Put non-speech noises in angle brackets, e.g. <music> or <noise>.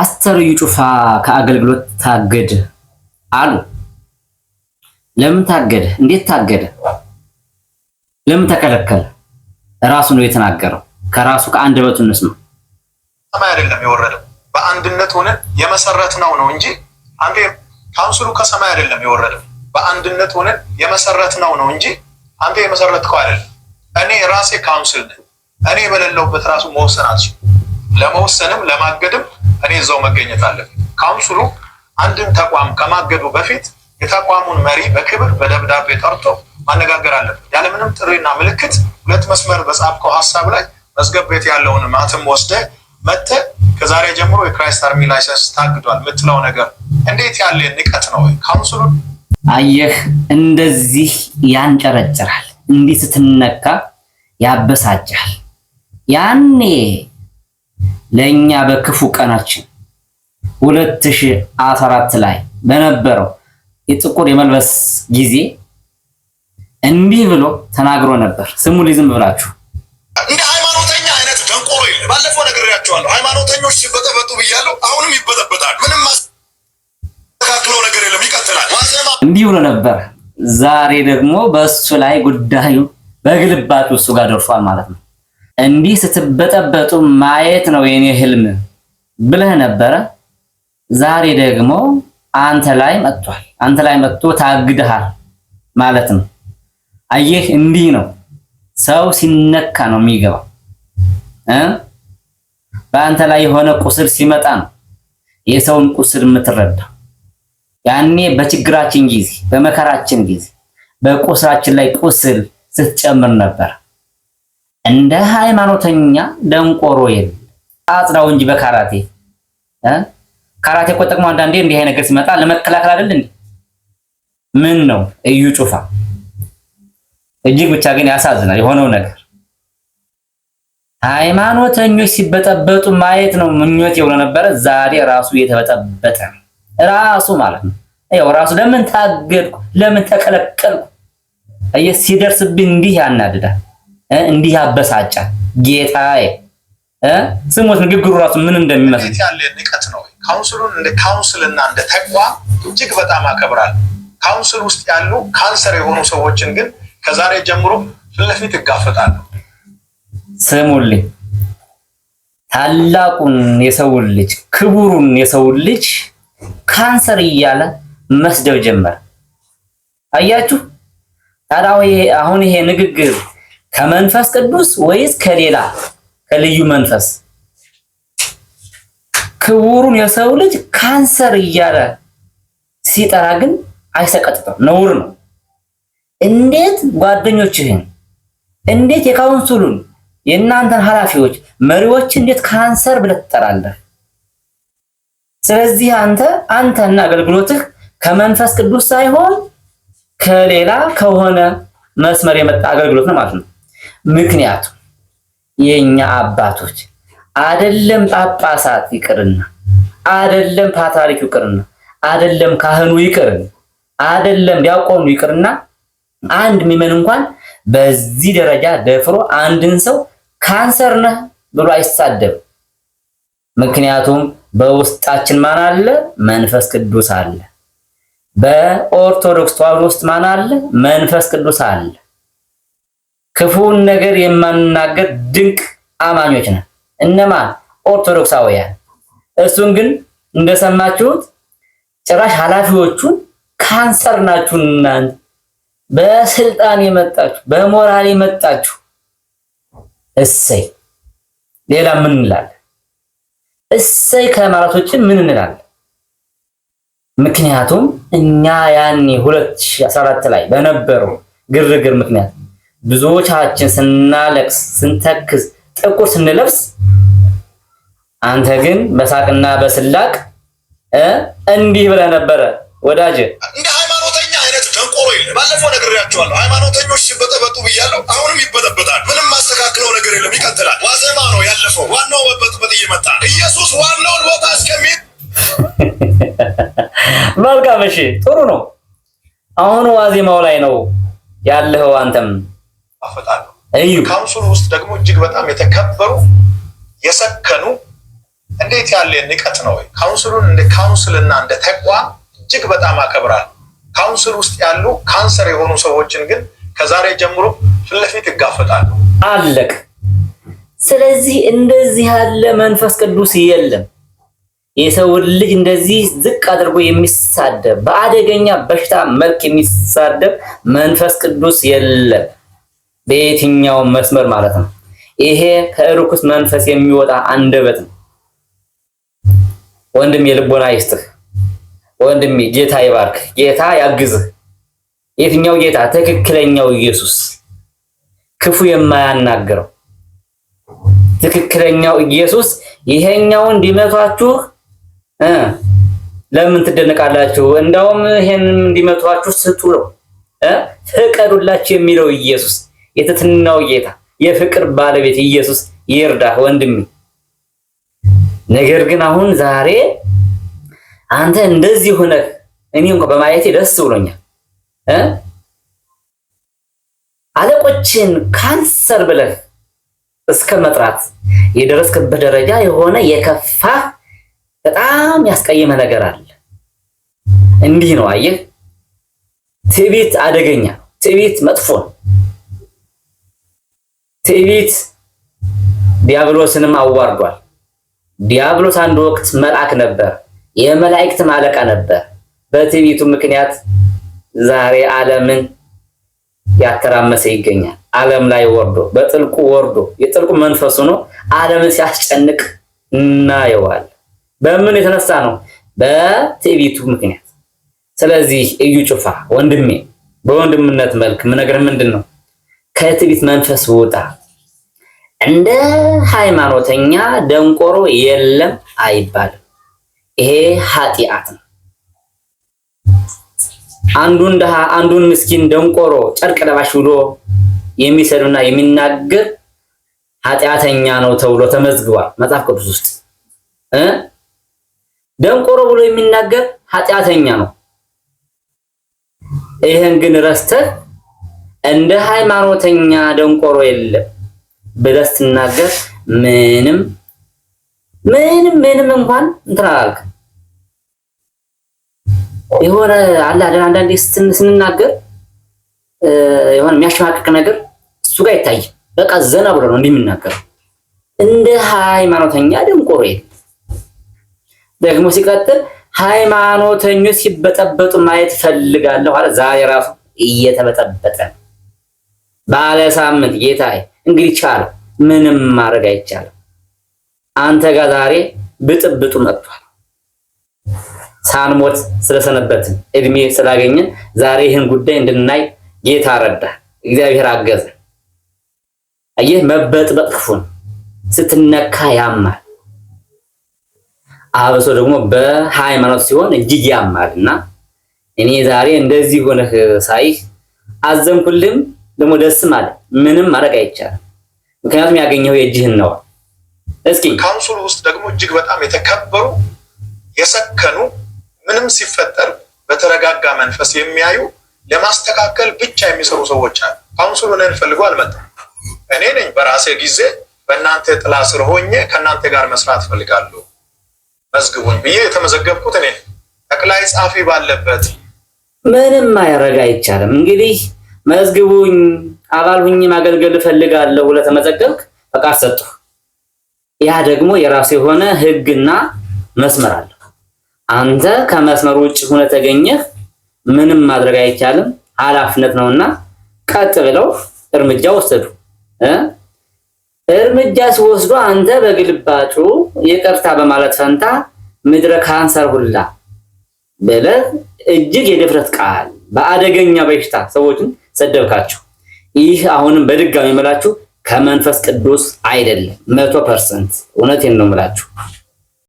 አስተርዩ ጩፋ ከአገልግሎት ታገድ አሉ። ለምን ታገደ? እንዴት ታገደ? ለምን ተከለከለ? ራሱ ነው የተናገረው። ከራሱ ከአንደበቱ እንስማ። ሰማይ አይደለም የወረደው በአንድነት ሆነ የመሰረት ነው ነው እንጂ አንዴ ካውንስሉ ከሰማይ አይደለም የወረደው በአንድነት ሆነ የመሰረት ነው ነው እንጂ አንተ የመሰረትከው አይደለም። እኔ ራሴ ካውንስል ነኝ። እኔ በሌለውበት ራሱ መወሰን አልችልም። ለመወሰንም ለማገድም እኔ እዛው መገኘት አለብኝ። ካውንስሉ አንድን ተቋም ከማገዱ በፊት የተቋሙን መሪ በክብር በደብዳቤ ጠርቶ ማነጋገር አለብን። ያለምንም ጥሪና ምልክት ሁለት መስመር በጻፍከው ሀሳብ ላይ መዝገብ ቤት ያለውን ማትም ወስደ መተ ከዛሬ ጀምሮ የክራይስት አርሚ ላይሰንስ ታግዷል የምትለው ነገር እንዴት ያለ ንቀት ነው? ካውንስሉ አየህ፣ እንደዚህ ያንጨረጭራል። እንዲህ ስትነካ ያበሳጫል። ያኔ ለእኛ በክፉ ቀናችን 2014 ላይ በነበረው የጥቁር የመልበስ ጊዜ እንዲህ ብሎ ተናግሮ ነበር። ስሙ ሊዝም ብላችሁ እንደ ሃይማኖተኛ አይነት ደንቆሮ የለ። ባለፈው ነግሬያቸዋለሁ። ሃይማኖተኞች ሲበጠበጡ ብያለሁ። አሁንም ይበጠበጣሉ። ምንም ማስተካክለው ነገር የለም። ይቀጥላል። እንዲህ ብሎ ነበር። ዛሬ ደግሞ በእሱ ላይ ጉዳዩ በግልባጩ እሱ ጋር ደርሷል ማለት ነው። እንዲህ ስትበጠበጡ ማየት ነው የኔ ህልም ብለህ ነበረ። ዛሬ ደግሞ አንተ ላይ መጥቷል። አንተ ላይ መጥቶ ታግደሃል ማለት ነው። አየህ፣ እንዲህ ነው ሰው ሲነካ ነው የሚገባው እ በአንተ ላይ የሆነ ቁስል ሲመጣ ነው የሰውን ቁስል የምትረዳ። ያኔ በችግራችን ጊዜ፣ በመከራችን ጊዜ በቁስላችን ላይ ቁስል ስትጨምር ነበር። እንደ ሃይማኖተኛ ደንቆሮ የለ አጽዳው እንጂ በካራቴ ካራቴ እኮ ጠቅሞ አንዳንዴ እንዲህ ነገር ሲመጣ ለመከላከል አይደል እንዴ? ምን ነው እዩ ጩፋ እጅግ ብቻ ግን ያሳዝናል የሆነው ነገር። ሃይማኖተኞች ሲበጠበጡ ማየት ነው ምኞት የሆነ ነበረ። ዛሬ ራሱ እየተበጠበጠ ነው ራሱ ማለት ነው። ያው ራሱ ለምን ታገድኩ፣ ለምን ተከለከልኩ ሲደርስብኝ እንዲህ ያናድዳል። እንዲህ ያበሳጫል ጌታዬ። ስሞች ንግግሩ ራሱ ምን እንደሚመስል ያለ ንቀት ነው። ካውንስሉን እንደ ካውንስልና እንደ ተቋም እጅግ በጣም አከብራል። ካውንስል ውስጥ ያሉ ካንሰር የሆኑ ሰዎችን ግን ከዛሬ ጀምሮ ፊት ለፊት እጋፈጣለሁ። ስሙልኝ ታላቁን የሰውን ልጅ ክቡሩን የሰውን ልጅ ካንሰር እያለ መስደብ ጀመረ። አያችሁ ታዲያ አሁን ይሄ ንግግር ከመንፈስ ቅዱስ ወይስ ከሌላ ከልዩ መንፈስ? ክቡሩን የሰው ልጅ ካንሰር እያለ ሲጠራ ግን አይሰቀጥጥም፣ ነውር ነው። እንዴት ጓደኞችህን፣ እንዴት የካውንስሉን የእናንተን ኃላፊዎች መሪዎች እንዴት ካንሰር ብለህ ትጠራለህ? ስለዚህ አንተ አንተና አገልግሎትህ ከመንፈስ ቅዱስ ሳይሆን ከሌላ ከሆነ መስመር የመጣ አገልግሎት ነው ማለት ነው። ምክንያቱም የእኛ አባቶች አደለም ጳጳሳት ይቅርና አደለም ፓትርያርኩ ይቅርና አደለም ካህኑ ይቅርና አደለም ዲያቆኑ ይቅርና አንድ ሚመን እንኳን በዚህ ደረጃ ደፍሮ አንድን ሰው ካንሰር ነህ ብሎ አይሳደብ ምክንያቱም በውስጣችን ማን አለ? መንፈስ ቅዱስ አለ። በኦርቶዶክስ ተዋህዶ ውስጥ ማን አለ? መንፈስ ቅዱስ አለ። ክፉን ነገር የማንናገር ድንቅ አማኞች ነን። እነማን? ኦርቶዶክሳውያን። እሱን ግን እንደሰማችሁት ጭራሽ ኃላፊዎቹን ካንሰር ናችሁ እናንተ በስልጣን የመጣችሁ በሞራል የመጣችሁ እሰይ ሌላ ምን እንላለን? እሰይ ከማለቶችን ምን እንላለን? ምክንያቱም እኛ ያኔ 2014 ላይ በነበረው ግርግር ምክንያት ብዙዎቻችን ስናለቅስ፣ ስንተክዝ፣ ጥቁር ስንለብስ አንተ ግን በሳቅና በስላቅ እንዲህ ብለህ ነበረ ወዳጅ። እንደ ሃይማኖተኛ አይነት ደንቆሮ የለም። ባለፈው ነግሬያቸዋለሁ። ሃይማኖተኞች ሲበጠበጡ ብያለሁ። አሁንም ይበጠበጣል። ምንም ማስተካክለው ነገር የለም። ይቀጥላል። ዋዜማ ነው ያለፈው። ዋናው መበጥበጥ እየመጣ ኢየሱስ ዋናውን ቦታ እስከሚል <laughs> መልካም። እሺ ጥሩ ነው። አሁን ዋዜማው ላይ ነው ያለኸው አንተም አፈጣለሁ። ካውንስሉ ውስጥ ደግሞ እጅግ በጣም የተከበሩ የሰከኑ እንዴት ያለ ንቀት ነው ወይ? ካውንስሉን እንደ ካውንስልና እንደ ተቋም እጅግ በጣም አከብራል። ካውንስል ውስጥ ያሉ ካንሰር የሆኑ ሰዎችን ግን ከዛሬ ጀምሮ ፊት ለፊት ይጋፈጣሉ። አለቅ። ስለዚህ እንደዚህ ያለ መንፈስ ቅዱስ የለም። የሰውን ልጅ እንደዚህ ዝቅ አድርጎ የሚሳደብ በአደገኛ በሽታ መልክ የሚሳደብ መንፈስ ቅዱስ የለም። በየትኛው መስመር ማለት ነው። ይሄ ከርኩስ መንፈስ የሚወጣ አንደበት ነው። ወንድም የልቦና ይስጥህ። ወንድሜ ጌታ ይባርክ፣ ጌታ ያግዝህ። የትኛው ጌታ? ትክክለኛው ኢየሱስ፣ ክፉ የማያናግረው ትክክለኛው ኢየሱስ። ይሄኛው እንዲመቷችሁ ለምን ትደነቃላችሁ? እንዳውም ይሄን እንዲመቷችሁ ስጡ ነው ፍቀዱላችሁ የሚለው ኢየሱስ የትትናው ጌታ የፍቅር ባለቤት ኢየሱስ ይርዳህ ወንድሜ። ነገር ግን አሁን ዛሬ አንተ እንደዚህ ሆነህ እኔ እንኳን በማየቴ ደስ ብሎኛል እ አለቆችን ካንሰር ብለህ እስከ መጥራት የደረስክበት ደረጃ የሆነ የከፋ በጣም ያስቀየመ ነገር አለ። እንዲህ ነው አየህ፣ ትዕቢት አደገኛ፣ ትዕቢት መጥፎ ነው። ትዕቢት ዲያብሎስንም አዋርዷል። ዲያብሎስ አንድ ወቅት መልአክ ነበር፣ የመላእክትም አለቃ ነበር። በትዕቢቱ ምክንያት ዛሬ ዓለምን ያተራመሰ ይገኛል። ዓለም ላይ ወርዶ በጥልቁ ወርዶ የጥልቁ መንፈሱ ነው ዓለምን ሲያስጨንቅ እናየዋል። በምን የተነሳ ነው? በትዕቢቱ ምክንያት። ስለዚህ እዩ ጩፋ ወንድሜ፣ በወንድምነት መልክ ምነግርህ ምንድን ነው ከትዕቢት መንፈስ ውጣ። እንደ ሃይማኖተኛ ደንቆሮ የለም አይባልም። ይሄ ኃጢአት ነው። አንዱን ድሃ አንዱን ምስኪን ደንቆሮ ጨርቅ ለባሽ ብሎ የሚሰድብና የሚናገር ኃጢአተኛ ነው ተብሎ ተመዝግቧል መጽሐፍ ቅዱስ ውስጥ እ ደንቆሮ ብሎ የሚናገር ኃጢአተኛ ነው። ይህን ግን ረስተህ እንደ ሃይማኖተኛ ደንቆሮ የለም ብለህ ስትናገር ምንም ምንም ምንም እንኳን እንትን አላልክም። የሆነ አለ አይደል አንዳንዴ ስንናገር የሆነ የሚያሸማቅቅ ነገር እሱ ጋር ይታይ። በቃ ዘና ብሎ ነው እንደሚናገረው። እንደ ሃይማኖተኛ ደንቆሮ የለም። ደግሞ ሲቀጥል ሃይማኖተኞች ሲበጠበጡ ማየት ፈልጋለሁ አለ። ዛሬ ራሱ እየተበጠበጠ ነው። ባለ ሳምንት ጌታዬ፣ እንግዲህ ቻለው፣ ምንም ማድረግ አይቻልም። አንተ ጋር ዛሬ ብጥብጡ መጥቷል። ሳንሞት ስለሰነበትን እድሜ ስላገኘን ዛሬ ይህን ጉዳይ እንድናይ ጌታ ረዳ፣ እግዚአብሔር አገዘ። አየህ መበጥበጥ ክፉን ስትነካ ያማል። አብሶ ደግሞ በሃይማኖት ሲሆን እጅግ ያማልና እኔ ዛሬ እንደዚህ ሆነህ ሳይህ አዘንኩልም። ደግሞ ደስ ማለት ምንም ማድረግ አይቻልም። ምክንያቱም ያገኘው የእጅህን ነው። እስኪ ካውንስሉ ውስጥ ደግሞ እጅግ በጣም የተከበሩ የሰከኑ ምንም ሲፈጠር በተረጋጋ መንፈስ የሚያዩ ለማስተካከል ብቻ የሚሰሩ ሰዎች አሉ። ካውንስሉ እኔን ፈልጎ አልመጣም። እኔ ነኝ በራሴ ጊዜ በእናንተ ጥላ ስር ሆኜ ከእናንተ ጋር መስራት ፈልጋለሁ መዝግቡን ብዬ የተመዘገብኩት እኔ ጠቅላይ ጻፊ ባለበት ምንም ማድረግ አይቻልም እንግዲህ መዝግቡኝ፣ አባል ሁኝ ማገልገል እፈልጋለሁ ብለህ ተመዘገብክ፣ ፈቃድ ያ ደግሞ የራሱ የሆነ ህግና መስመር አለው። አንተ ከመስመር ውጭ ሆነ ተገኘህ፣ ምንም ማድረግ አይቻልም፣ ኃላፊነት ነውና ቀጥ ብለው እርምጃ ወሰዱ። እርምጃ ሲወስዱ አንተ በግልባጩ ይቅርታ በማለት ፈንታ ምድረ ካንሰር ሁላ ብለህ እጅግ የድፍረት ቃል በአደገኛ በሽታ ሰዎችን ሰደብካቸው። ይህ አሁንም በድጋሚ የምላችሁ ከመንፈስ ቅዱስ አይደለም። መቶ ፐርሰንት እውነቴን ነው የምላችሁ።